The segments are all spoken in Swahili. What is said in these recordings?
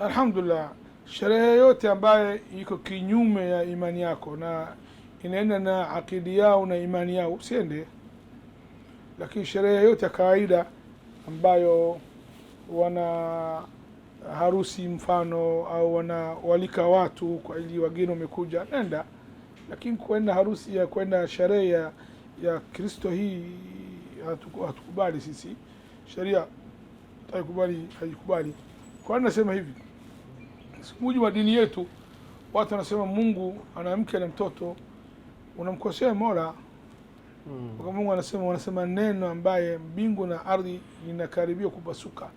Alhamdulillah, sherehe yote ambaye iko kinyume ya imani yako na inaenda na akidi yao na imani yao usiende. Lakini sherehe yote ya kawaida ambayo wana harusi mfano au wanawalika watu kwa ili wageni wamekuja, nenda. Lakini kwenda harusi ya kwenda sherehe ya, ya Kristo hii hatukubali sisi, sheria haikubali, haikubali. Kwa nini nasema hivi? Kwa mujibu wa dini yetu, watu wanasema Mungu ana mke na mtoto, unamkosea Mola mm. Mungu anasema, wanasema neno ambaye mbingu na ardhi inakaribia kupasuka,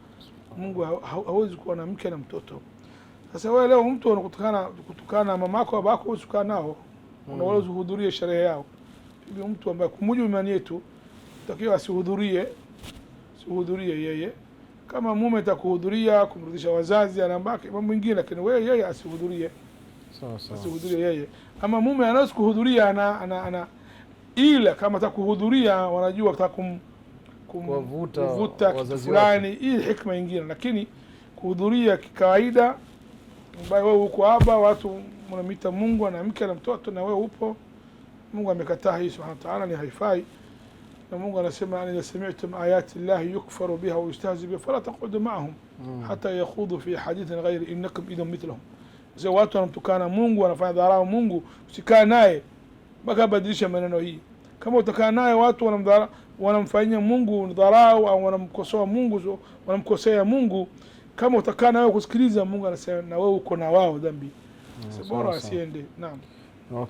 Mungu hawezi kuwa na mke na mtoto. Sasa wewe leo mtu anakutukana kutukana mamako babako, huwezi kukaa nao, hmm. unaweza kuhudhuria sherehe yao. Hivyo mtu ambaye kwa imani yetu takiwa asihudhurie, sihudhurie yeye kama mume atakuhudhuria kumrudisha wazazi, anambake mambo mengine, lakini wewe yeye asihudhurie, sawa sawa, asihudhurie yeye. Ama mume anaweza kuhudhuria ana, ana, ana, ila kama atakuhudhuria, wanajua atakum kumvuta kuvuta fulani, hii hikma nyingine. Lakini kuhudhuria kikawaida, ambaye wewe uko hapa, watu mnamita Mungu na mke na mtoto, na wewe upo, Mungu amekataa hii subhanahu wa ta'ala, ni haifai. فمقرا سمع ان اذا سمعتم ايات الله يكفر بها ويستهزئ بها فلا تقعدوا معهم حتى يخوضوا في حديث غير انكم اذا مثلهم زواتهم تكانا مونغو انا فاني دارا مونغو سكاناي بقى بدريشا من انا هي كما تكاناي واتو انا دارا وانا مفاني مونغو ندارا وانا مكوسو مونغو وانا مكوسيا مونغو كما تكانا وكسكريزا مونغو انا سيما ناوو كوناواو ذنبي سبورا سيندي نعم